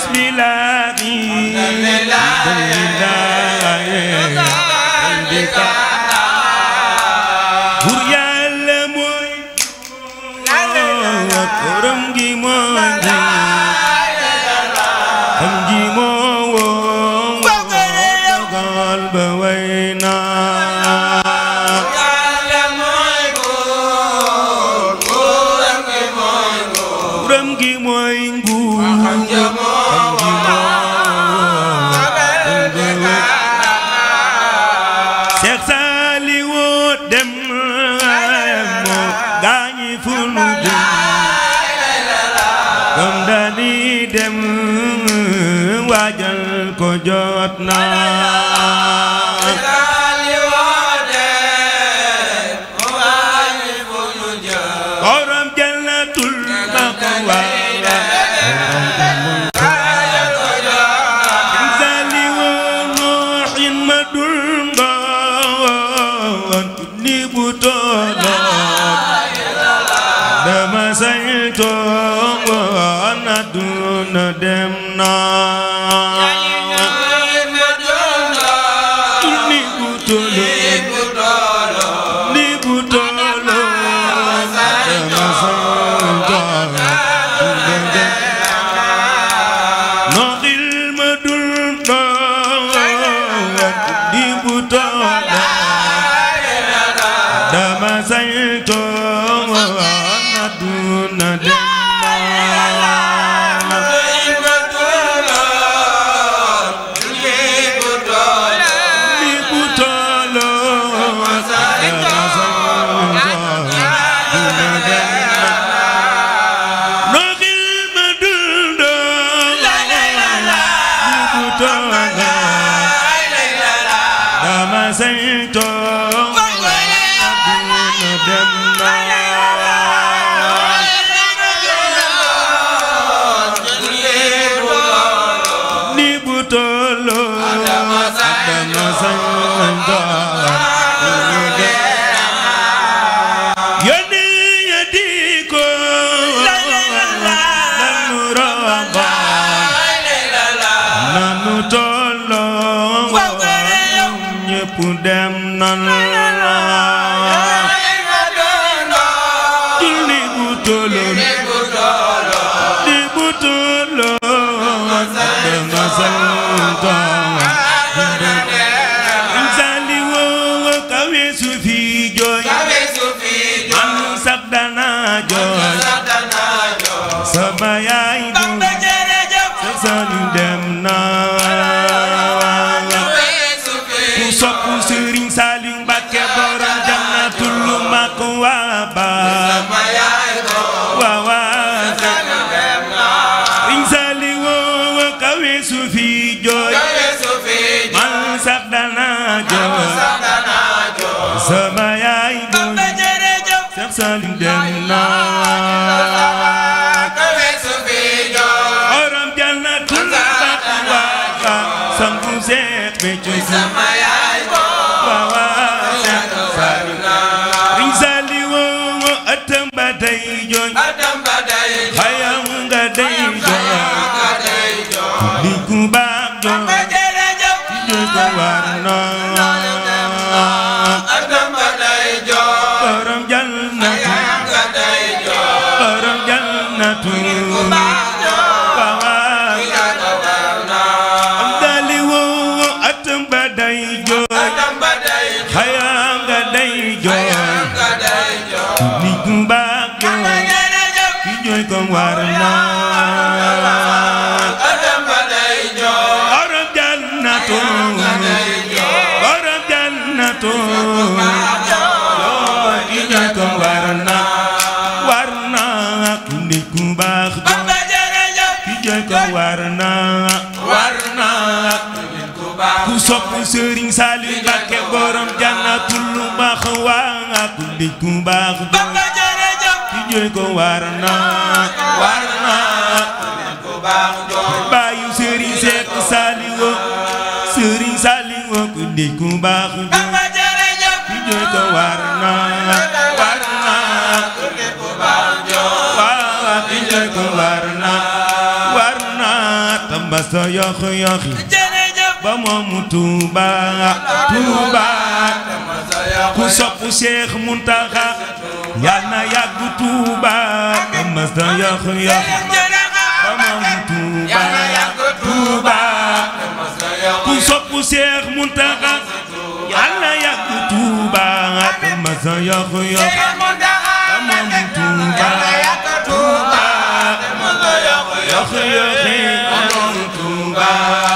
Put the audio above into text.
بسم الله buur Yàlla mooy këram gi mooy dali dem waajal ko jot na àdduna dem na ni bu tolo ni bu tolo dama santa noxil ma dul doon ni bu tolo dama santa dem nan sama yaay du sa salu dem na ku sopp Sëriñ Saliou Mbàkke borom jannatul lu mag waa baa sama yaay doon Seex Saliou dem seet bi ci sama yaay sopp Serigne Saliou Mbacké borom jannatul maxwa ku nit ku baax bamba jërëjëf ki jooy ko war na war na ku nit ku baax jooy baayu Serigne Seck Saliou Serigne Saliou ku nit ku baax bamba jërëjëf ki jooy ko war na war na ku nit ku baax jooy waaw ki jooy ko war na war na tamba sa yox yox ba moomu Touba Touba ku sopp Cheikh Mountakha yal na yàgg Touba ba mas na yàq yàq ba moomu Touba Touba ku sopp Cheikh Mountakha yal na yàgg Touba ba mas na yàq yàq ba moomu Touba Touba yàq yàq ba moomu Touba